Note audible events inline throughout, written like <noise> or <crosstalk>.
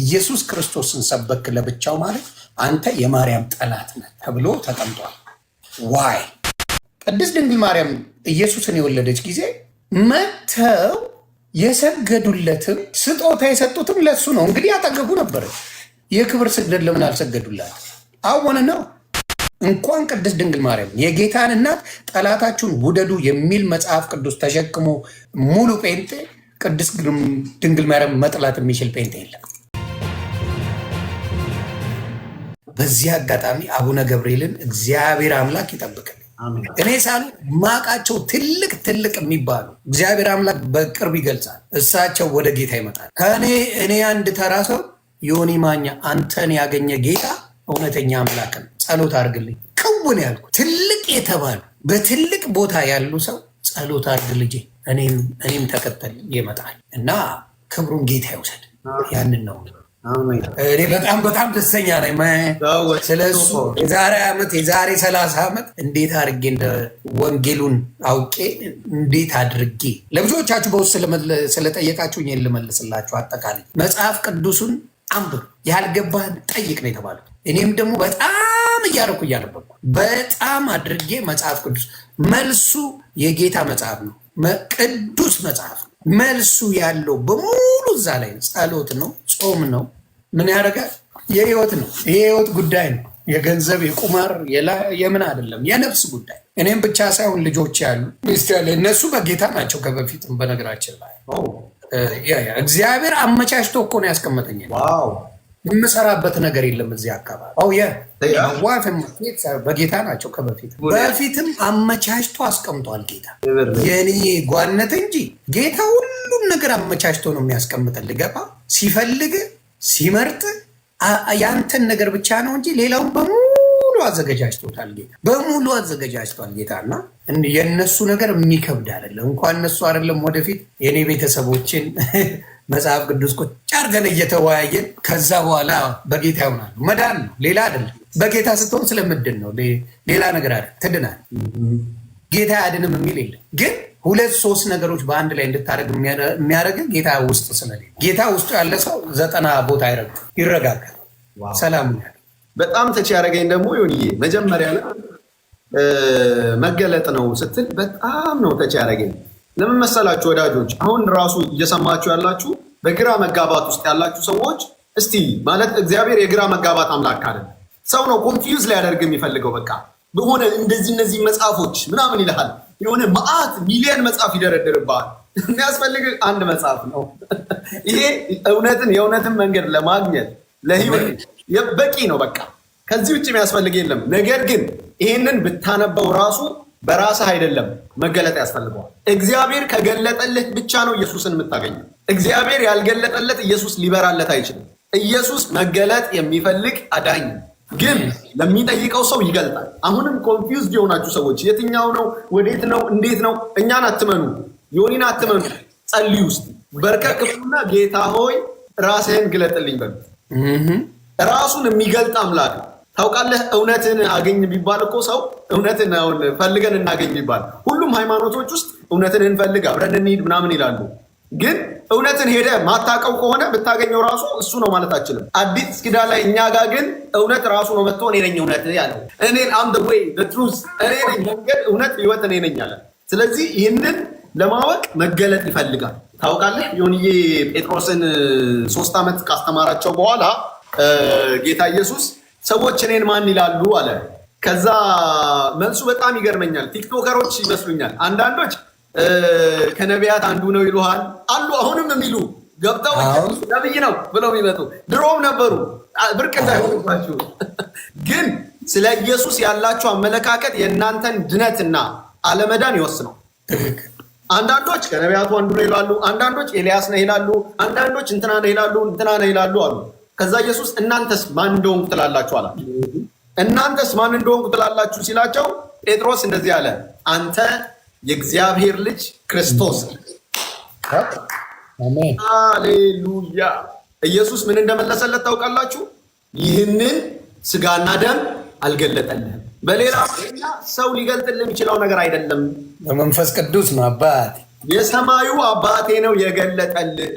ኢየሱስ ክርስቶስን ሰበክ ለብቻው ማለት አንተ የማርያም ጠላት ነህ ተብሎ ተቀምጧል። ዋይ ቅድስት ድንግል ማርያም ኢየሱስን የወለደች ጊዜ መተው የሰገዱለትም ስጦታ የሰጡትም ለሱ ነው። እንግዲህ ያጠገቡ ነበረች። የክብር ስግደት ለምን አልሰገዱላት? አወነ ነው እንኳን ቅድስት ድንግል ማርያም የጌታን እናት ጠላታችሁን ውደዱ የሚል መጽሐፍ ቅዱስ ተሸክሞ ሙሉ ጴንጤ ቅድስት ድንግል ማርያም መጥላት የሚችል ጴንጤ የለም። በዚህ አጋጣሚ አቡነ ገብርኤልን እግዚአብሔር አምላክ ይጠብቅል። እኔ ሳሉ ማቃቸው ትልቅ ትልቅ የሚባሉ እግዚአብሔር አምላክ በቅርብ ይገልጻል። እሳቸው ወደ ጌታ ይመጣል። ከእኔ እኔ አንድ ተራ ሰው ዮኒ ማኛ አንተን ያገኘ ጌታ እውነተኛ አምላክ ነው፣ ጸሎት አድርግልኝ ክውን ያልኩ ትልቅ የተባሉ በትልቅ ቦታ ያሉ ሰው ጸሎት አድርግ ልጄ፣ እኔም ተከተል ይመጣል እና ክብሩን ጌታ ይውሰድ። ያንን ነው እኔ በጣም በጣም ደስተኛ ነኝ። ስለሱ የዛሬ ዓመት የዛሬ ሰላሳ ዓመት እንዴት አድርጌ እንደ ወንጌሉን አውቄ እንዴት አድርጌ ለብዙዎቻችሁ በውስጥ ስለጠየቃችሁ ይህን ልመልስላችሁ። አጠቃላይ መጽሐፍ ቅዱሱን አንብብ፣ ያልገባህን ጠይቅ ነው የተባሉት። እኔም ደግሞ በጣም እያደረኩ እያነበብኩ በጣም አድርጌ መጽሐፍ ቅዱስ መልሱ የጌታ መጽሐፍ ነው። ቅዱስ መጽሐፍ ነው። መልሱ ያለው በሙሉ እዛ ላይ ጸሎት ነው ጾም ነው። ምን ያደርጋል? የህይወት ነው። ህይወት ጉዳይ ነው። የገንዘብ የቁማር የምን አይደለም፣ የነፍስ ጉዳይ። እኔም ብቻ ሳይሆን ልጆች ያሉ እነሱ በጌታ ናቸው። ከበፊትም በነገራችን ላይ እግዚአብሔር አመቻችቶ እኮ ነው ያስቀመጠኝ። የምሰራበት ነገር የለም እዚህ አካባቢ ዋፍ በጌታ ናቸው። ከበፊት በፊትም አመቻችቶ አስቀምጧል ጌታ። የኔ ጓነት እንጂ ጌታ ሁሉም ነገር አመቻችቶ ነው የሚያስቀምጠን ገባ። ሲፈልግ ሲመርጥ ያንተን ነገር ብቻ ነው እንጂ ሌላውን በሙሉ አዘገጃጅቶታል ጌታ፣ በሙሉ አዘገጃጅቷል ጌታ። እና የእነሱ ነገር የሚከብድ አይደለም። እንኳን እነሱ አይደለም ወደፊት የእኔ ቤተሰቦችን <laughs> መጽሐፍ ቅዱስ ቁጭ አድርገን እየተወያየን ከዛ በኋላ በጌታ ይሆናሉ። መዳን ነው፣ ሌላ አይደለም። በጌታ ስትሆን ስለምድን ነው፣ ሌላ ነገር አይደለም። ትድናል። ጌታ አያድንም የሚል የለም ግን ሁለት ሶስት ነገሮች በአንድ ላይ እንድታደረግ የሚያደረግ ጌታ ውስጥ ስለሌለ፣ ጌታ ውስጡ ያለ ሰው ዘጠና ቦታ አይረግ ይረጋጋል። ሰላም በጣም ተች ያደረገኝ ደግሞ ሆንዬ መጀመሪያ መገለጥ ነው ስትል በጣም ነው ተች ያደረገኝ። ለምን መሰላችሁ ወዳጆች? አሁን ራሱ እየሰማችሁ ያላችሁ በግራ መጋባት ውስጥ ያላችሁ ሰዎች እስቲ ማለት እግዚአብሔር የግራ መጋባት አምላክ አለ። ሰው ነው ኮንፊውዝ ሊያደርግ የሚፈልገው በቃ በሆነ እንደዚህ እነዚህ መጽሐፎች ምናምን ይልሃል የሆነ መዓት ሚሊየን መጽሐፍ ይደረድርብሃል። የሚያስፈልግ አንድ መጽሐፍ ነው። ይሄ እውነትን የእውነትን መንገድ ለማግኘት ለህይወት በቂ ነው። በቃ ከዚህ ውጭ የሚያስፈልግ የለም። ነገር ግን ይህንን ብታነበው ራሱ በራስህ አይደለም፣ መገለጥ ያስፈልገዋል። እግዚአብሔር ከገለጠልህ ብቻ ነው ኢየሱስን የምታገኘው። እግዚአብሔር ያልገለጠለት ኢየሱስ ሊበራለት አይችልም። ኢየሱስ መገለጥ የሚፈልግ አዳኝ ግን ለሚጠይቀው ሰው ይገልጣል። አሁንም ኮንፊውዝድ የሆናችሁ ሰዎች የትኛው ነው ወዴት ነው እንዴት ነው? እኛን አትመኑ፣ ዮኒን አትመኑ። ጸልዩ ውስጥ በርከት ክፍሉና ጌታ ሆይ ራስህን ግለጥልኝ በሉ። ራሱን የሚገልጥ አምላክ ታውቃለህ። እውነትን አገኝ ቢባል እኮ ሰው እውነትን ፈልገን እናገኝ ቢባል ሁሉም ሃይማኖቶች ውስጥ እውነትን እንፈልግ አብረን እንሂድ ምናምን ይላሉ። ግን እውነትን ሄደ ማታቀው ከሆነ ብታገኘው ራሱ እሱ ነው ማለት አችልም። አዲስ ኪዳን ላይ እኛ ጋር ግን እውነት ራሱ ነው መጥቶ እኔ ነኝ እውነት ያለው እኔን አም ወይ ትሩዝ እኔ ነኝ መንገድ፣ እውነት፣ ህይወት እኔ ነኝ አለ። ስለዚህ ይህንን ለማወቅ መገለጥ ይፈልጋል። ታውቃለህ ዮንዬ ጴጥሮስን ሶስት ዓመት ካስተማራቸው በኋላ ጌታ ኢየሱስ ሰዎች እኔን ማን ይላሉ አለ። ከዛ መልሱ በጣም ይገርመኛል። ቲክቶከሮች ይመስሉኛል አንዳንዶች ከነቢያት አንዱ ነው ይሉሃል አሉ። አሁንም የሚሉ ገብተው ነብይ ነው ብለው የሚመጡ ድሮም ነበሩ። ብርቅ እንዳይሆንባችሁ ግን ስለ ኢየሱስ ያላችሁ አመለካከት የእናንተን ድነትና አለመዳን ይወስነው። አንዳንዶች ከነቢያቱ አንዱ ነው ይላሉ፣ አንዳንዶች ኤልያስ ነው ይላሉ፣ አንዳንዶች እንትና ነው ይላሉ፣ እንትና ነው ይላሉ አሉ። ከዛ ኢየሱስ እናንተስ ማን እንደሆንኩ ትላላችሁ አላ እናንተስ ማን እንደሆንኩ ትላላችሁ ሲላቸው ጴጥሮስ እንደዚህ አለ አንተ የእግዚአብሔር ልጅ ክርስቶስ። አሌሉያ። ኢየሱስ ምን እንደመለሰለት ታውቃላችሁ? ይህንን ስጋና ደም አልገለጠልህም። በሌላ ሰው ሊገልጥልህ የሚችለው ነገር አይደለም። በመንፈስ ቅዱስ ነው አባት የሰማዩ አባቴ ነው የገለጠልህ።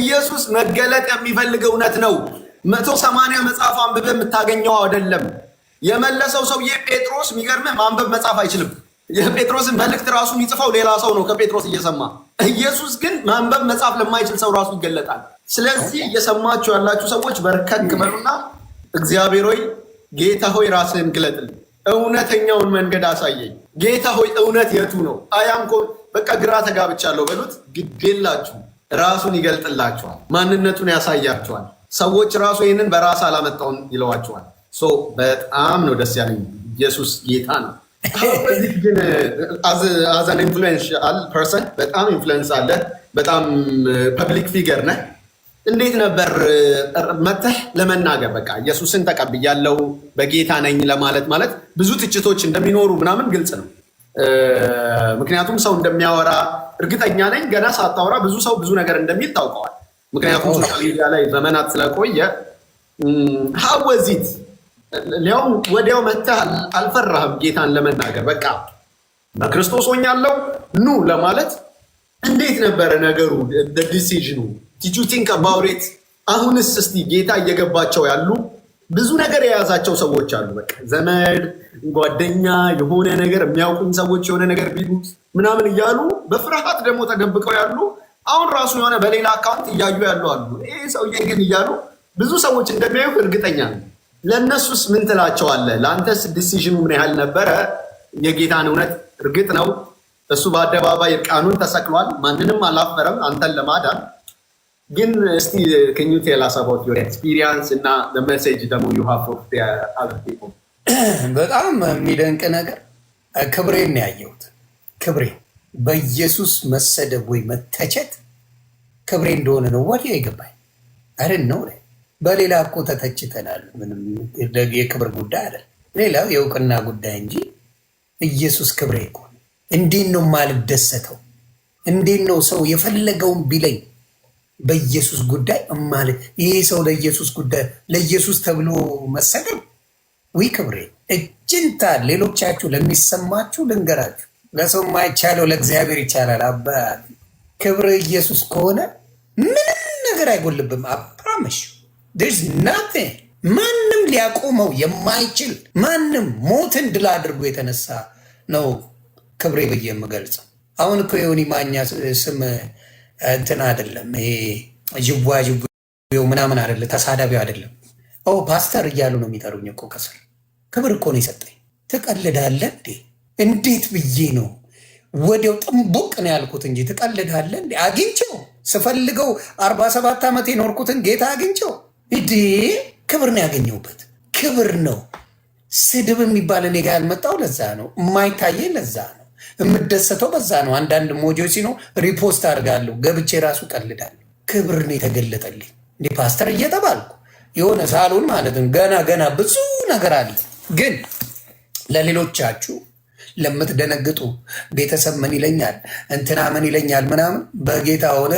ኢየሱስ መገለጥ የሚፈልግ እውነት ነው። መቶ ሰማንያ መጽሐፍ አንብበህ የምታገኘው አይደለም። የመለሰው ሰውዬ ጴጥሮስ የሚገርምህ ማንበብ መጽሐፍ አይችልም። የጴጥሮስን መልእክት ራሱ የሚጽፈው ሌላ ሰው ነው ከጴጥሮስ እየሰማ ኢየሱስ ግን ማንበብ መጻፍ ለማይችል ሰው ራሱ ይገለጣል። ስለዚህ እየሰማችሁ ያላችሁ ሰዎች በርከክ በሉና እግዚአብሔር ሆይ ጌታ ሆይ ራስህን ግለጥልኝ፣ እውነተኛውን መንገድ አሳየኝ። ጌታ ሆይ እውነት የቱ ነው? አያምኮ በቃ ግራ ተጋብቻለሁ በሉት። ግዴላችሁ ራሱን ይገልጥላችኋል፣ ማንነቱን ያሳያችኋል። ሰዎች ራሱ ይህንን በራስ አላመጣውን ይለዋችኋል። በጣም ነው ደስ ያለኝ። ኢየሱስ ጌታ ነው። ግን አዘን ኢንፍሉዌንሻል ፐርሰን በጣም ኢንፍሉዌንስ አለ። በጣም ፐብሊክ uh, ፊገር ነህ። እንዴት ነበር uh, መተህ ለመናገር በቃ ኢየሱስን ተቀብያለሁ በጌታ ነኝ ለማለት ማለት ብዙ ትችቶች እንደሚኖሩ ምናምን ግልጽ ነው። uh, ምክንያቱም ሰው እንደሚያወራ እርግጠኛ ነኝ። ገና ሳታወራ ብዙ ሰው ብዙ ነገር እንደሚል ታውቀዋል። ምክንያቱም ሶሻል ሚዲያ ላይ ዘመናት ስለቆየ ሀወዚት um, ሊያውም ወዲያው መተህ አልፈራህም ጌታን ለመናገር በቃ በክርስቶስ ሆኛለሁ ኑ ለማለት እንዴት ነበረ ነገሩ? ዲሲዥኑ ቲቹቲንክ አባውሬት አሁንስ እስቲ ጌታ እየገባቸው ያሉ ብዙ ነገር የያዛቸው ሰዎች አሉ። በቃ ዘመድ ጓደኛ የሆነ ነገር የሚያውቁን ሰዎች የሆነ ነገር ቢሉ ምናምን እያሉ በፍርሃት ደግሞ ተደብቀው ያሉ አሁን ራሱ የሆነ በሌላ አካውንት እያዩ ያሉ አሉ። ይህ ሰውዬ ግን እያሉ ብዙ ሰዎች እንደሚያዩ እርግጠኛ ነው። ለእነሱስ ምን ትላቸዋለህ? ለአንተስ ዲሲዥኑ ምን ያህል ነበረ? የጌታን እውነት እርግጥ ነው እሱ በአደባባይ እርቃኑን ተሰቅሏል። ማንንም አላፈረም አንተን ለማዳን ግን እስቲ ከኙ ቴላስ አባውት ዮር ኤክስፒሪየንስ እና ለመሴጅ ደግሞ ዩ ሃቭ <clears throat> በጣም የሚደንቅ ነገር ክብሬን ያየሁት ክብሬ በኢየሱስ መሰደብ ወይ መተቸት ክብሬ እንደሆነ ነው ወዲያ ይገባኝ አይደል ነው በሌላ እኮ ተተችተናል። ምንም የክብር ጉዳይ አለ። ሌላው የእውቅና ጉዳይ እንጂ ኢየሱስ ክብሬ እኮ እንዴት ነው የማልደሰተው? እንዴት ነው ሰው የፈለገውን ቢለኝ በኢየሱስ ጉዳይ እማል ይሄ ሰው ለኢየሱስ ጉዳይ ለኢየሱስ ተብሎ መሰደብ ዊ ክብሬ እጅንታ ሌሎቻችሁ ለሚሰማችሁ ልንገራችሁ፣ ለሰው ማይቻለው ለእግዚአብሔር ይቻላል። አባ ክብር ኢየሱስ ከሆነ ምንም ነገር አይጎልብም። አፕራምሽ ዴርስ ናቲንግ ማንም ሊያቆመው የማይችል ማንም ሞትን ድል አድርጎ የተነሳ ነው ክብሬ ብዬ የምገልጸው። አሁን እኮ የሆኒ ማኛ ስም እንትን አይደለም፣ ጅዋ ጅዌው ምናምን አይደለም፣ ተሳዳቢው አይደለም። ኦ ፓስተር እያሉ ነው የሚጠሩኝ እኮ ከስር። ክብር እኮ ነው የሰጠኝ። ትቀልዳለ እንዴ? እንዴት ብዬ ነው ወዲያው ጥንቡቅ ነው ያልኩት እንጂ ትቀልዳለ እንዴ? አግኝቼው ስፈልገው አርባ ሰባት ዓመት የኖርኩትን ጌታ አግኝቼው እዴ ክብር ነው ያገኘሁበት፣ ክብር ነው። ስድብ የሚባል እኔ ያልመጣው ለዛ ነው። የማይታየኝ ለዛ ነው። የምደሰተው በዛ ነው። አንዳንድ ሞጆ ሲኖ ሪፖስት አድርጋለሁ፣ ገብቼ ራሱ ቀልዳለሁ። ክብር ነው የተገለጠልኝ። እንደ ፓስተር እየተባልኩ የሆነ ሳሉን ማለት ነው። ገና ገና ብዙ ነገር አለ። ግን ለሌሎቻችሁ ለምትደነግጡ ቤተሰብ ምን ይለኛል እንትና ምን ይለኛል ምናምን፣ በጌታ ሆነ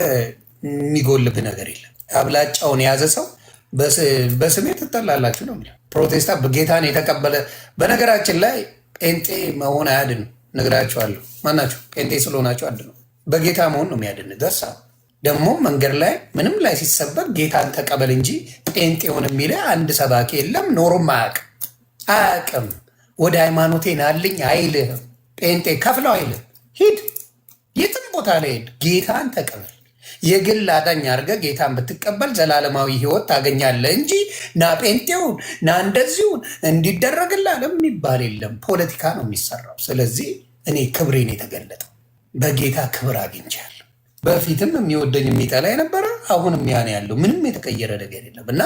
የሚጎልብ ነገር የለም። አብላጫውን የያዘ ሰው በስሜ ትጠላላችሁ ነው የሚለው። ፕሮቴስታንት ጌታን የተቀበለ በነገራችን ላይ ጴንጤ መሆን አያድንም። ነግራችኋለሁ። ማናችሁ ጴንጤ ስለሆናችሁ አድ ነው በጌታ መሆን ነው የሚያድን። ደሳ ደግሞ መንገድ ላይ ምንም ላይ ሲሰበር ጌታን ተቀበል እንጂ ጴንጤ ሆን የሚለ አንድ ሰባኪ የለም። ኖሮም አያውቅም አያቅም። ወደ ሃይማኖቴ ናልኝ አይልህም። ጴንጤ ከፍለው አይልህም። ሂድ የትም ቦታ ላይ ሄድ፣ ጌታን ተቀበል የግል አዳኝ አድርገህ ጌታን ብትቀበል ዘላለማዊ ህይወት ታገኛለህ እንጂ ና ጴንጤውን ና እንደዚሁን እንዲደረግልሃል የሚባል የለም። ፖለቲካ ነው የሚሰራው። ስለዚህ እኔ ክብሬን የተገለጠው በጌታ ክብር አግኝቻለሁ። በፊትም የሚወደኝ የሚጠላ የነበረ አሁንም ያን ያለው ምንም የተቀየረ ነገር የለም እና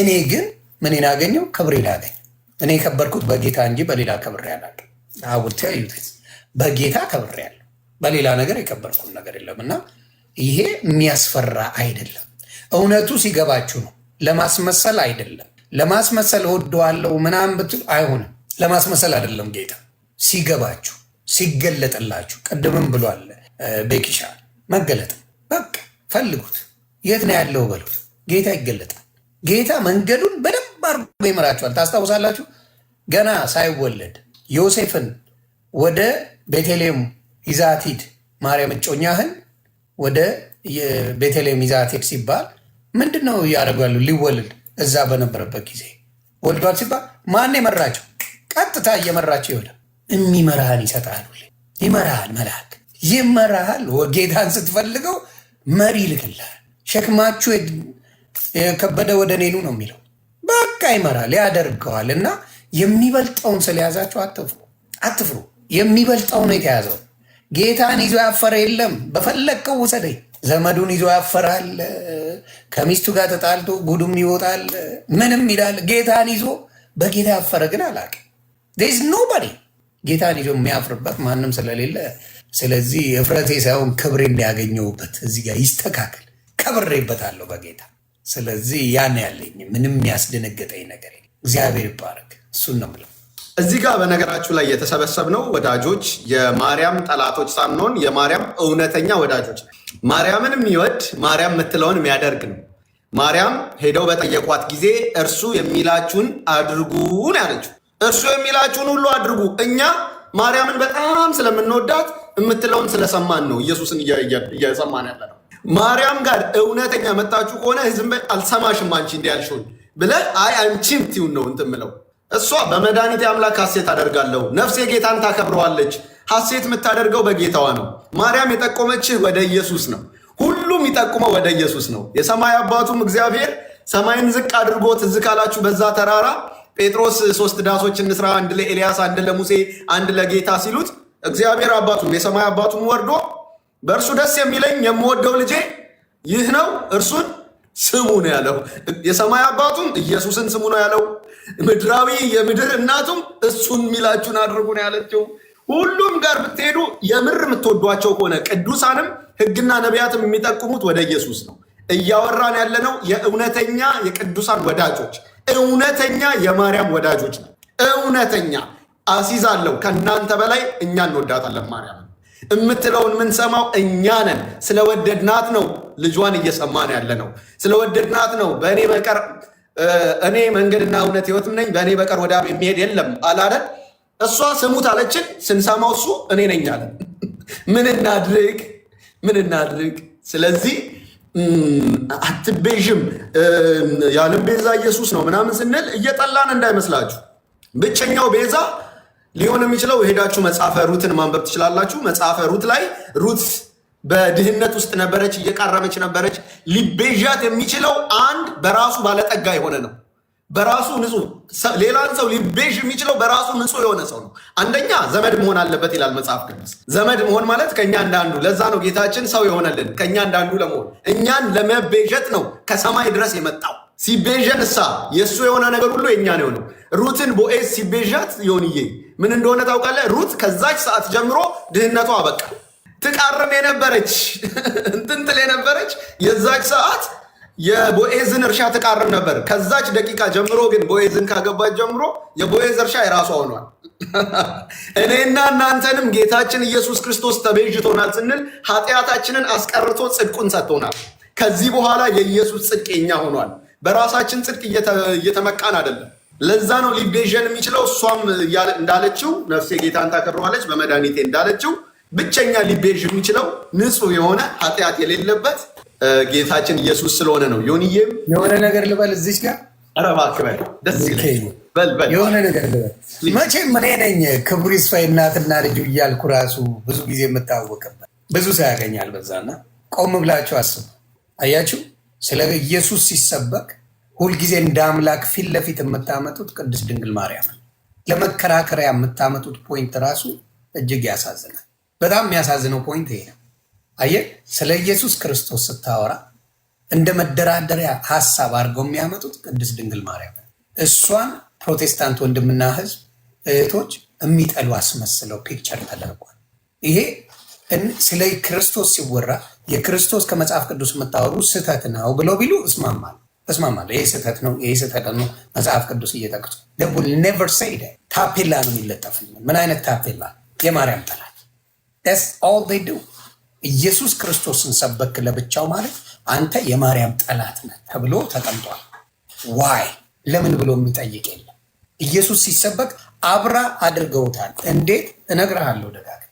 እኔ ግን ምን አገኘው ክብሬን ላገኝ እኔ የከበርኩት በጌታ እንጂ በሌላ ክብሬ ያላለ አውርቴ በጌታ ከብሬ ያለ በሌላ ነገር የከበርኩት ነገር የለም እና ይሄ የሚያስፈራ አይደለም። እውነቱ ሲገባችሁ ነው። ለማስመሰል አይደለም። ለማስመሰል እወደዋለሁ ምናምን ብትሉ አይሆንም። ለማስመሰል አይደለም። ጌታ ሲገባችሁ ሲገለጥላችሁ፣ ቅድምም ብሏል ቤኪሻ መገለጥ በቃ ፈልጉት። የት ነው ያለው በሉት። ጌታ ይገለጣል። ጌታ መንገዱን በደንብ አድርጎ ይመራችኋል። ታስታውሳላችሁ። ገና ሳይወለድ ዮሴፍን ወደ ቤተልሔም ይዛት ሂድ ማርያም እጮኛህን ወደ ቤተልሔም ይዛት ሄድ ሲባል ምንድን ነው እያደረጉ ያሉ? ሊወልድ እዛ በነበረበት ጊዜ ወልዷል ሲባል ማን የመራቸው? ቀጥታ እየመራቸው ይሆናል። የሚመራህን ይሰጣሉ። ይመራሃል፣ መልአክ ይመራሃል። ጌታን ስትፈልገው መሪ ይልክልሃል። ሸክማችሁ የከበደ ወደ እኔ ነው የሚለው። በቃ ይመራል፣ ያደርገዋል። እና የሚበልጠውን ስለያዛቸው አትፍሩ፣ አትፍሩ። የሚበልጠው ነው የተያዘው ጌታን ይዞ ያፈረ የለም። በፈለግከው ውሰደኝ። ዘመዱን ይዞ ያፈራል። ከሚስቱ ጋር ተጣልቶ ጉዱም ይወጣል። ምንም ይላል። ጌታን ይዞ በጌታ ያፈረ ግን አላውቅም። ዜዝ ኖባዲ ጌታን ይዞ የሚያፍርበት ማንም ስለሌለ፣ ስለዚህ እፍረቴ ሳይሆን ክብሬ እንዲያገኘውበት እዚህ ጋር ይስተካከል። ከብሬበታለሁ በጌታ ስለዚህ ያን ያለኝ ምንም ያስደነገጠኝ ነገር እግዚአብሔር ይባረክ። እሱን ነው የምለው። እዚህ ጋር በነገራችሁ ላይ የተሰበሰብ ነው ወዳጆች የማርያም ጠላቶች ሳንሆን የማርያም እውነተኛ ወዳጆች፣ ማርያምን የሚወድ ማርያም የምትለውን የሚያደርግ ነው። ማርያም ሄደው በጠየቋት ጊዜ እርሱ የሚላችሁን አድርጉ ነው ያለችው። እርሱ የሚላችሁን ሁሉ አድርጉ። እኛ ማርያምን በጣም ስለምንወዳት የምትለውን ስለሰማን ነው ኢየሱስን እየሰማን ያለ ነው። ማርያም ጋር እውነተኛ መጣችሁ ከሆነ ህዝብ አልሰማሽም አንቺ እንዲያልሽውን ብለ አይ አንቺም ትዩን ነው እንትን የምለው እሷ በመድኃኒቴ አምላክ ሐሴት አደርጋለሁ፣ ነፍሴ ጌታን ታከብረዋለች። ሐሴት የምታደርገው በጌታዋ ነው። ማርያም የጠቆመችህ ወደ ኢየሱስ ነው። ሁሉም ይጠቁመው ወደ ኢየሱስ ነው። የሰማይ አባቱም እግዚአብሔር ሰማይን ዝቅ አድርጎ ትዝ ካላችሁ በዛ ተራራ ጴጥሮስ ሶስት ዳሶች እንስራ፣ አንድ ለኤልያስ፣ አንድ ለሙሴ፣ አንድ ለጌታ ሲሉት እግዚአብሔር አባቱም የሰማይ አባቱም ወርዶ በእርሱ ደስ የሚለኝ የምወደው ልጄ ይህ ነው፣ እርሱን ስሙ ነው ያለው። የሰማይ አባቱም ኢየሱስን ስሙ ነው ያለው። ምድራዊ የምድር እናቱም እሱን የሚላችሁን አድርጉ ነው ያለችው። ሁሉም ጋር ብትሄዱ የምር የምትወዷቸው ከሆነ ቅዱሳንም ሕግና ነቢያትም የሚጠቁሙት ወደ ኢየሱስ ነው። እያወራን ያለነው የእውነተኛ የቅዱሳን ወዳጆች፣ እውነተኛ የማርያም ወዳጆች ነው። እውነተኛ አለው ከእናንተ በላይ እኛ እንወዳታለን ማርያም የምትለውን የምንሰማው እኛ ነን። ስለወደድናት ነው ልጇን እየሰማን ያለ ነው። ስለወደድናት ነው በእኔ በቀር እኔ መንገድና እውነት ህይወትም ነኝ በእኔ በቀር ወደ አብ የሚሄድ የለም አላለ። እሷ ስሙት አለችን። ስንሰማው እሱ እኔ ነኝ አለ። <laughs> ምን እናድርግ? ምን እናድርግ? ስለዚህ አትቤዥም ያለም ቤዛ ኢየሱስ ነው ምናምን ስንል እየጠላን እንዳይመስላችሁ። ብቸኛው ቤዛ ሊሆን የሚችለው ሄዳችሁ መጽሐፈ ሩትን ማንበብ ትችላላችሁ። መጽሐፈ ሩት ላይ ሩት በድህነት ውስጥ ነበረች፣ እየቃረመች ነበረች። ሊቤዣት የሚችለው አንድ በራሱ ባለጠጋ የሆነ ነው። በራሱ ንጹህ ሌላን ሰው ሊቤዥ የሚችለው በራሱ ንጹህ የሆነ ሰው ነው። አንደኛ ዘመድ መሆን አለበት ይላል መጽሐፍ ቅዱስ። ዘመድ መሆን ማለት ከእኛ እንዳንዱ። ለዛ ነው ጌታችን ሰው የሆነልን ከእኛ እንዳንዱ ለመሆን እኛን ለመቤዠት ነው ከሰማይ ድረስ የመጣው ሲቤዣት እሳ የእሱ የሆነ ነገር ሁሉ የኛ ነው የሆነው። ሩትን ቦኤዝ ሲቤዣት ዮንዬ ምን እንደሆነ ታውቃለህ? ሩት ከዛች ሰዓት ጀምሮ ድህነቷ አበቃ። ትቃርም የነበረች <laughs> እንትንትል የነበረች የዛች ሰዓት የቦኤዝን እርሻ ትቃርም ነበር። ከዛች ደቂቃ ጀምሮ ግን ቦኤዝን ካገባች ጀምሮ የቦኤዝ እርሻ የራሷ ሆኗል። <laughs> እኔና እናንተንም ጌታችን ኢየሱስ ክርስቶስ ተቤዥቶናል ስንል ኃጢአታችንን አስቀርቶ ጽድቁን ሰጥቶናል። ከዚህ በኋላ የኢየሱስ ጽድቅ የኛ ሆኗል። በራሳችን ጽድቅ እየተመቃን አይደለም። ለዛ ነው ሊቤዥን የሚችለው። እሷም እንዳለችው ነፍሴ ጌታን ታከብረዋለች በመድኃኒቴ እንዳለችው ብቸኛ ሊቤዥን የሚችለው ንጹህ የሆነ ኃጢአት የሌለበት ጌታችን ኢየሱስ ስለሆነ ነው። ዮኒዬም የሆነ ነገር ልበል እዚች ጋር ረባክበል የሆነ ነገር ልበል መቼም እኔ ነኝ ክቡር ይስፋ እናትና ልጁ እያልኩ ራሱ ብዙ ጊዜ የምታወቅበት ብዙ ሰው ያገኛል። በዛና ቆም ብላችሁ አስቡ። አያችሁ ስለ ኢየሱስ ሲሰበክ ሁልጊዜ እንደ አምላክ ፊት ለፊት የምታመጡት ቅድስት ድንግል ማርያም ለመከራከሪያ የምታመጡት ፖይንት ራሱ እጅግ ያሳዝናል። በጣም የሚያሳዝነው ፖይንት ይሄ ነው። አየህ፣ ስለ ኢየሱስ ክርስቶስ ስታወራ እንደ መደራደሪያ ሀሳብ አድርገው የሚያመጡት ቅድስት ድንግል ማርያም እሷን ፕሮቴስታንት ወንድምና ህዝብ እህቶች የሚጠሉ አስመስለው ፒክቸር ተደርጓል። ይሄ ስለ ክርስቶስ ሲወራ የክርስቶስ ከመጽሐፍ ቅዱስ የምታወሩ ስህተት ነው ብለው ቢሉ እስማማል እስማማል። ይህ ስህተት ነው፣ ይህ ስህተት ነው መጽሐፍ ቅዱስ እየጠቅሱ ደቡል ኔቨር ሰይደ ታፔላ ነው የሚለጠፍል። ምን አይነት ታፔላ? የማርያም ጠላት ስ ኦል ዱ ኢየሱስ ክርስቶስን ሰበክ ለብቻው ማለት አንተ የማርያም ጠላት ነህ ተብሎ ተቀምጧል። ዋይ ለምን ብሎ የሚጠይቅ የለም። ኢየሱስ ሲሰበክ አብራ አድርገውታል። እንዴት እነግርሃለሁ ደጋግ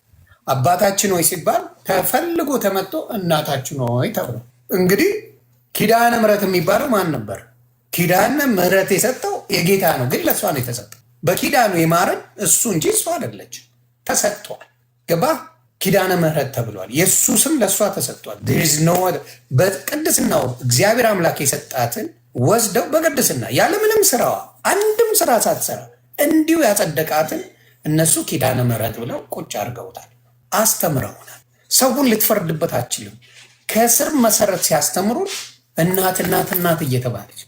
አባታችን ሆይ ሲባል ተፈልጎ ተመጥቶ እናታችን ሆይ ተብሎ እንግዲህ ኪዳነ ምሕረት የሚባለው ማን ነበር? ኪዳነ ምሕረት የሰጠው የጌታ ነው፣ ግን ለእሷ ነው የተሰጠው። በኪዳኑ የማረን እሱ እንጂ እሷ አይደለች። ተሰጥቷል። ገባ ኪዳነ ምሕረት ተብሏል። የእሱ ስም ለእሷ ተሰጥቷል። በቅድስናው እግዚአብሔር አምላክ የሰጣትን ወስደው በቅድስና ያለምንም ስራዋ አንድም ስራ ሳትሰራ እንዲሁ ያጸደቃትን እነሱ ኪዳነ ምሕረት ብለው ቁጭ አድርገውታል። አስተምረውናል። ሰውን ልትፈርድበት አችልም። ከስር መሰረት ሲያስተምሩን እናት እናት እናት እየተባለች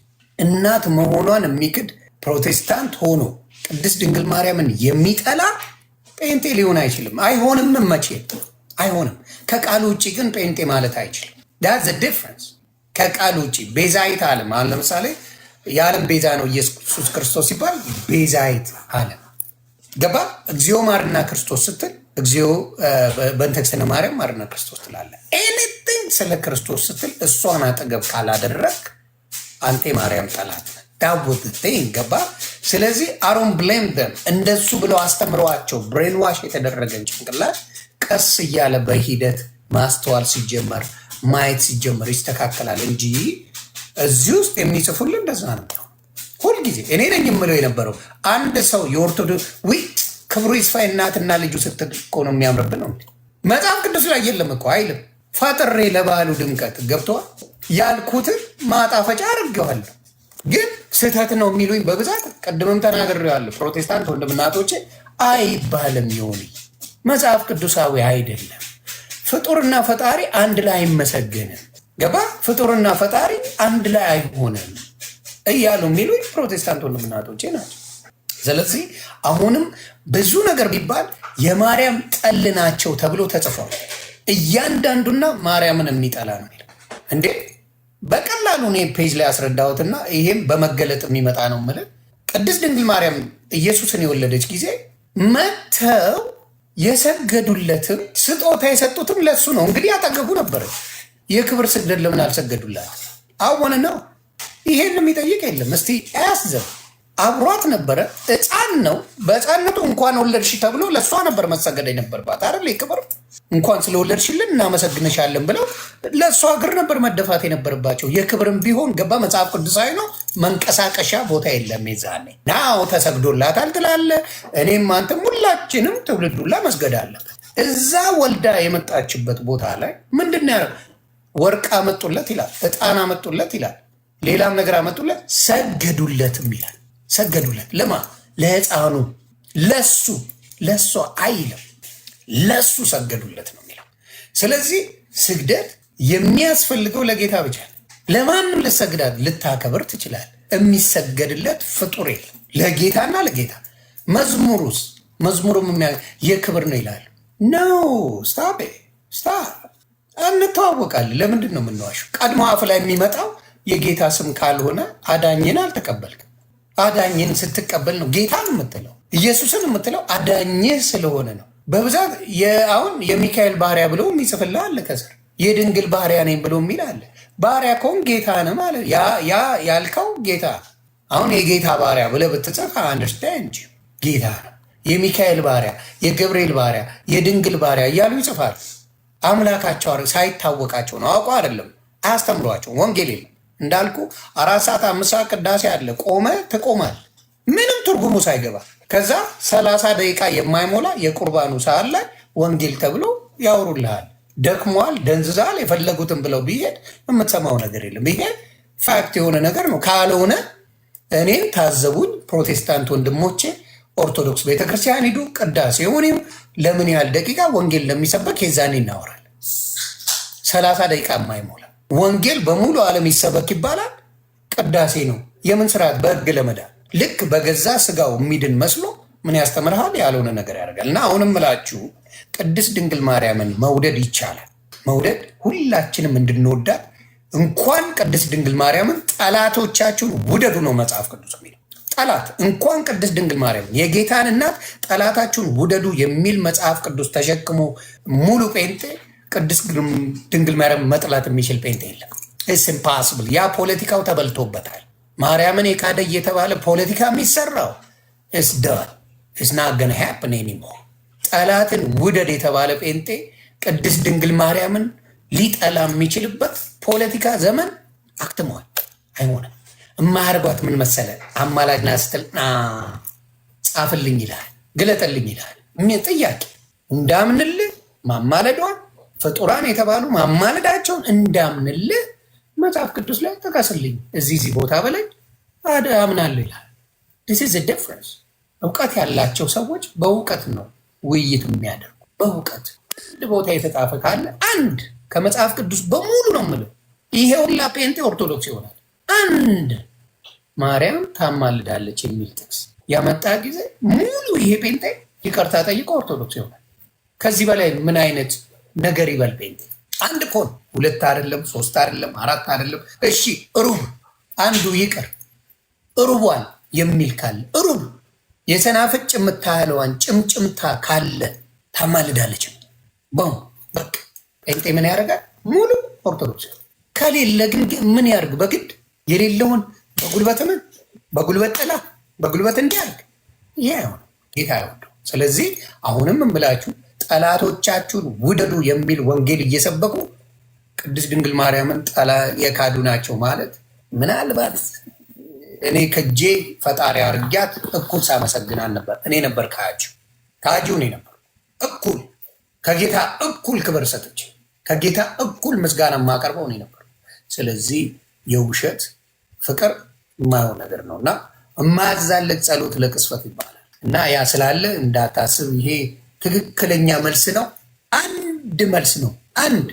እናት መሆኗን የሚክድ ፕሮቴስታንት ሆኖ ቅድስት ድንግል ማርያምን የሚጠላ ጴንጤ ሊሆን አይችልም። አይሆንም፣ መቼ አይሆንም። ከቃል ውጭ ግን ጴንጤ ማለት አይችልም። ዳዝ ዲፍረንስ። ከቃል ውጭ ቤዛይት ዓለም አሁን ለምሳሌ የዓለም ቤዛ ነው ኢየሱስ ክርስቶስ ሲባል ቤዛይት ዓለም ገባ። እግዚኦ ማርና ክርስቶስ ስትል እግዚኦ በእንተክስነ ማርያም ማርነ ክርስቶስ ትላለ። ኤኒቲንግ ስለ ክርስቶስ ስትል እሷን አጠገብ ካላደረግ አንተ ማርያም ጠላት ዳቦት ይገባ። ስለዚህ አሮን ብሌም ደም እንደሱ ብለው አስተምረዋቸው ብሬንዋሽ የተደረገን ጭንቅላት ቀስ እያለ በሂደት ማስተዋል ሲጀመር ማየት ሲጀመር ይስተካከላል እንጂ እዚህ ውስጥ የሚጽፉልን እንደዛ ነው። ሁልጊዜ እኔ ነኝ የምለው የነበረው አንድ ሰው የኦርቶዶክስ ክብሩ ይስፋ እናትና ልጁ ስትል እኮ ነው የሚያምርብን። ነው መጽሐፍ ቅዱስ ላይ የለም እኮ አይልም። ፋጥሬ ለባህሉ ድምቀት ገብተዋል ያልኩትን ማጣፈጫ አድርጌዋለሁ። ግን ስህተት ነው የሚሉኝ በብዛት ቅድምም ተናግሬዋለሁ። ፕሮቴስታንት ወንድምናቶቼ አይባልም ይሆን መጽሐፍ ቅዱሳዊ አይደለም። ፍጡርና ፈጣሪ አንድ ላይ አይመሰገንም። ገባ ፍጡርና ፈጣሪ አንድ ላይ አይሆንም እያሉ የሚሉኝ ፕሮቴስታንት ወንድምናቶቼ ናቸው። ስለዚህ አሁንም ብዙ ነገር ቢባል የማርያም ጠል ናቸው ተብሎ ተጽፏል። እያንዳንዱና ማርያምን የሚጠላ ነው እንዴ! በቀላሉ እኔ ፔጅ ላይ አስረዳሁትና ይሄም በመገለጥ የሚመጣ ነው የምልህ። ቅድስት ድንግል ማርያም ኢየሱስን የወለደች ጊዜ መጥተው የሰገዱለትም ስጦታ የሰጡትም ለሱ ነው። እንግዲህ አጠገቡ ነበር። የክብር ስግደት ለምን አልሰገዱላት? አወን ነው ይሄን የሚጠይቅ የለም። እስቲ አያስዘብ አብሯት ነበረ። እፃን ነው። በህፃነቱ እንኳን ወለድሽ ተብሎ ለእሷ ነበር መሰገድ የነበርባት አይደል? ክብር እንኳን ስለወለድሽልን እናመሰግነሻለን ብለው ለእሷ እግር ነበር መደፋት የነበረባቸው። የክብርም ቢሆን ገባ መጽሐፍ ቅዱሳዊ ነው። መንቀሳቀሻ ቦታ የለም። ዛኔ ናው ተሰግዶላታል ትላለ። እኔም አንተም ሁላችንም ትውልዱላ ሁላ መስገድ እዛ ወልዳ የመጣችበት ቦታ ላይ ምንድን ያ ወርቅ አመጡለት ይላል፣ ዕጣን አመጡለት ይላል፣ ሌላም ነገር አመጡለት፣ ሰገዱለትም ይላል። ሰገዱለት። ለማ ለህፃኑ ለሱ ለሷ አይልም ለሱ ሰገዱለት ነው የሚለው። ስለዚህ ስግደት የሚያስፈልገው ለጌታ ብቻ ነው። ለማንም ልሰግዳት ልታከብር ትችላል። የሚሰገድለት ፍጡር የለም ለጌታና ለጌታ መዝሙሩስ የሚያ የክብር ነው ይላል። ነው ስታ ስታ እንተዋወቃለን። ለምንድን ነው የምንዋሸው? ቀድሞ አፍ ላይ የሚመጣው የጌታ ስም ካልሆነ አዳኝን አልተቀበልክም። አዳኝን ስትቀበል ነው ጌታን የምትለው ኢየሱስን የምትለው አዳኝህ ስለሆነ ነው። በብዛት አሁን የሚካኤል ባህሪያ ብሎ የሚጽፍልህ አለ። ከስር የድንግል ባህሪያ ነኝ ብሎ የሚል አለ። ባህሪያ ከሆን ጌታ ነህ ማለት ያ ያልከው ጌታ አሁን የጌታ ባህሪያ ብለህ ብትጽፍ አንደርስታንድ እንጂ ጌታ ነው። የሚካኤል ባህሪያ፣ የገብርኤል ባህሪያ፣ የድንግል ባህሪያ እያሉ ይጽፋል። አምላካቸው ሳይታወቃቸው ነው። አውቀው አይደለም፣ አያስተምሯቸው ወንጌል የለም። እንዳልኩ አራት ሰዓት አምስት ሰዓት ቅዳሴ አለ። ቆመ ትቆማል፣ ምንም ትርጉሙ ሳይገባ ከዛ ሰላሳ ደቂቃ የማይሞላ የቁርባኑ ሰዓት ላይ ወንጌል ተብሎ ያወሩልሃል። ደክሟል፣ ደንዝዛል፣ የፈለጉትን ብለው ብሄድ የምትሰማው ነገር የለም። ይሄ ፋክት የሆነ ነገር ነው። ካልሆነ እኔ ታዘቡኝ ፕሮቴስታንት ወንድሞቼ ኦርቶዶክስ ቤተክርስቲያን ሂዱ፣ ቅዳሴ ቅዳሴውን ለምን ያህል ደቂቃ ወንጌል ለሚሰበክ የዛኔ እናወራል። ሰላሳ ደቂቃ የማይሞላ ወንጌል በሙሉ ዓለም ይሰበክ ይባላል። ቅዳሴ ነው። የምን ስርዓት? በህግ ለመዳን ልክ በገዛ ስጋው የሚድን መስሎ ምን ያስተምርሃል? ያልሆነ ነገር ያደርጋል። እና አሁንም እላችሁ ቅድስት ድንግል ማርያምን መውደድ ይቻላል። መውደድ ሁላችንም እንድንወዳት እንኳን ቅድስት ድንግል ማርያምን ጠላቶቻችሁን ውደዱ ነው መጽሐፍ ቅዱስ የሚለው። ጠላት እንኳን ቅድስት ድንግል ማርያምን የጌታን እናት ጠላታችሁን ውደዱ የሚል መጽሐፍ ቅዱስ ተሸክሞ ሙሉ ጴንጤ ቅድስት ድንግል ማርያም መጥላት የሚችል ጴንጤ የለም። ኢትስ ኢምፓስብል። ያ ፖለቲካው ተበልቶበታል። ማርያምን የካደ እየተባለ ፖለቲካ የሚሰራው ኢትስ ዶን ኢትስ ናት ገን ሃፕን ኤኒሞር። ጠላትን ውደድ የተባለ ጴንጤ ቅድስት ድንግል ማርያምን ሊጠላ የሚችልበት ፖለቲካ ዘመን አክትመዋል። አይሆንም። እማያርጓት ምን መሰለ አማላጅ ናት ስትል ጻፍልኝ ይልሃል፣ ግለጠልኝ ይልሃል። ጥያቄ እንዳምንልህ ማማለዷ ፍጡራን የተባሉ ማማለዳቸውን እንዳምንልህ መጽሐፍ ቅዱስ ላይ ጠቀስልኝ፣ እዚህ እዚህ ቦታ በላይ አምናለሁ ይላል። ዲስ ኢዝ ዲፍረንስ። እውቀት ያላቸው ሰዎች በእውቀት ነው ውይይት የሚያደርጉ በእውቀት አንድ ቦታ የተጻፈ ካለ አንድ ከመጽሐፍ ቅዱስ በሙሉ ነው የምልህ። ይሄ ሁላ ጴንጤ ኦርቶዶክስ ይሆናል። አንድ ማርያም ታማልዳለች የሚል ጥቅስ ያመጣ ጊዜ ሙሉ ይሄ ጴንጤ ይቅርታ ጠይቆ ኦርቶዶክስ ይሆናል። ከዚህ በላይ ምን አይነት ነገር ይበልበኝ። አንድ ኮን ሁለት አይደለም ሶስት አይደለም አራት አይደለም እሺ፣ ሩብ አንዱ ይቅር ሩቧን የሚል ካለ ሩብ የሰናፍጭ የምታለዋን ጭምጭምታ ካለ ታማልዳለች። በሙ በቃ ጴንጤ ምን ያደርጋል? ሙሉ ኦርቶዶክስ ከሌለ ግን ምን ያርግ? በግድ የሌለውን በጉልበት ምን በጉልበት ጥላ በጉልበት እንዲያርግ ይሄ ጌታ ስለዚህ አሁንም እምላችሁ ጠላቶቻችሁን ውደዱ የሚል ወንጌል እየሰበኩ ቅድስት ድንግል ማርያምን ጠላ የካዱ ናቸው ማለት ምናልባት እኔ ከጄ ፈጣሪ አርጊያት እኩል ሳመሰግናል ነበር። እኔ ነበር ካያችሁ ካያችሁ እኔ ነበር እኩል ከጌታ እኩል ክብር ሰጥች ከጌታ እኩል ምስጋና የማቀርበው እኔ ነበር። ስለዚህ የውሸት ፍቅር የማየው ነገር ነው እና የማያዛለት ጸሎት ለቅስፈት ይባላል እና ያ ስላለ እንዳታስብ ይሄ ትክክለኛ መልስ ነው። አንድ መልስ ነው። አንድ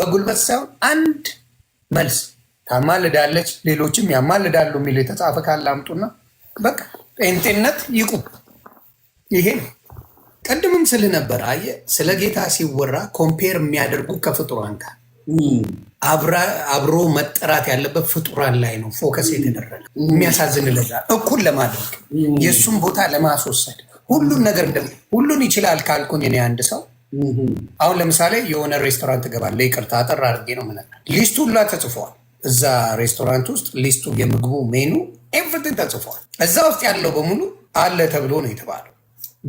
በጉልበት ሳይሆን አንድ መልስ ታማልዳለች፣ ሌሎችም ያማልዳሉ የሚል የተጻፈ ካለ አምጡና በቃ ጴንጤነት ይቁ። ይሄ ቅድምም ስል ነበር። አየ ስለ ጌታ ሲወራ ኮምፔር የሚያደርጉ ከፍጡራን ጋር አብሮ መጠራት ያለበት ፍጡራን ላይ ነው ፎከስ የተደረገ። የሚያሳዝን ለዛ እኩል ለማድረግ የእሱን ቦታ ለማስወሰድ ሁሉን ነገር ሁሉን ይችላል ካልኩኝ እኔ አንድ ሰው አሁን ለምሳሌ የሆነ ሬስቶራንት እገባለሁ። ይቅርታ አጠር አድርጌ ነው ምናምን ሊስቱ ሁላ ተጽፏል። እዛ ሬስቶራንት ውስጥ ሊስቱ የምግቡ ሜኑ ኤቭሪቲንግ ተጽፏል። እዛ ውስጥ ያለው በሙሉ አለ ተብሎ ነው የተባለው።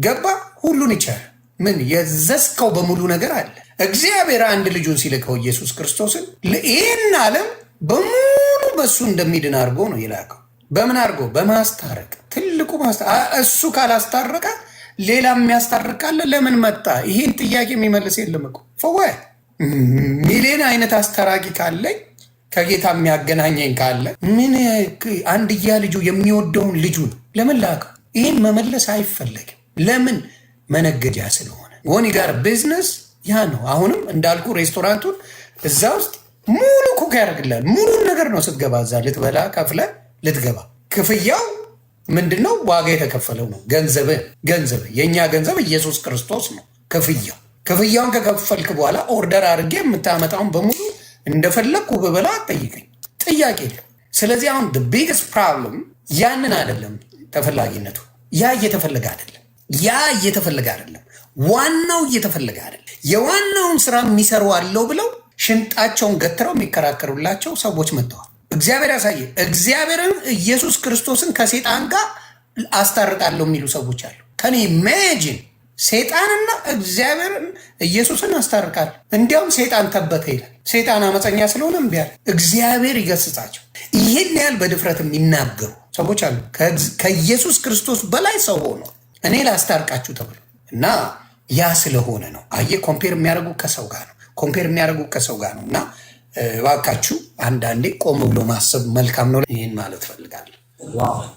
ገባ ሁሉን ይቻል ምን የዘስከው በሙሉ ነገር አለ። እግዚአብሔር አንድ ልጁን ሲልከው ኢየሱስ ክርስቶስን ይህን ዓለም በሙሉ በሱ እንደሚድን አድርጎ ነው የላከው። በምን አድርጎ? በማስታረቅ ትልቁ እሱ ካላስታረቀ ሌላ የሚያስታርቃለ ካለ ለምን መጣ? ይሄን ጥያቄ የሚመልስ የለም እኮ ፈወ ሚሊዮን አይነት አስተራጊ ካለኝ ከጌታ የሚያገናኘኝ ካለ ምን አንድያ ልጁ የሚወደውን ልጁን ለምን ላከ? ይህን መመለስ አይፈለግም። ለምን መነገጃ ስለሆነ ጎኒ ጋር ቢዝነስ ያ ነው። አሁንም እንዳልኩ ሬስቶራንቱን እዛ ውስጥ ሙሉ ኩክ ያደርግላል። ሙሉን ነገር ነው ስትገባ እዛ ልትበላ ከፍለ ልትገባ ክፍያው ምንድን ነው ዋጋ የተከፈለው ነው ገንዘብ ገንዘብ የእኛ ገንዘብ ኢየሱስ ክርስቶስ ነው ክፍያው ክፍያውን ከከፈልክ በኋላ ኦርደር አድርጌ የምታመጣውን በሙሉ እንደፈለግኩ ብበላ ጠይቀኝ ጥያቄ የለም ስለዚህ አሁን ቢግስት ፕሮብለም ያንን አይደለም ተፈላጊነቱ ያ እየተፈለገ አይደለም ያ እየተፈለገ አይደለም ዋናው እየተፈለገ አይደለም የዋናውን ስራ የሚሰሩ አለው ብለው ሽንጣቸውን ገትረው የሚከራከሩላቸው ሰዎች መጥተዋል እግዚአብሔር ያሳየ እግዚአብሔርን ኢየሱስ ክርስቶስን ከሴጣን ጋር አስታርቃለሁ የሚሉ ሰዎች አሉ። ከኔ ኢሜጂን ሴጣንና እግዚአብሔርን ኢየሱስን አስታርቃል እንዲያውም ሴጣን ተበተ ይላል። ሴጣን አመፀኛ ስለሆነ እምቢ አለ። እግዚአብሔር ይገስጻቸው። ይህን ያህል በድፍረት የሚናገሩ ሰዎች አሉ። ከኢየሱስ ክርስቶስ በላይ ሰው ሆኖ እኔ ላስታርቃችሁ ተብሎ እና ያ ስለሆነ ነው አየ ኮምፔር የሚያደርጉ ከሰው ጋር ነው ኮምፔር የሚያደርጉ ከሰው ጋር ነው እና እባካችሁ አንዳንዴ ቆም ብሎ ማሰብ መልካም ነው። ይህን ማለት ፈልጋለሁ።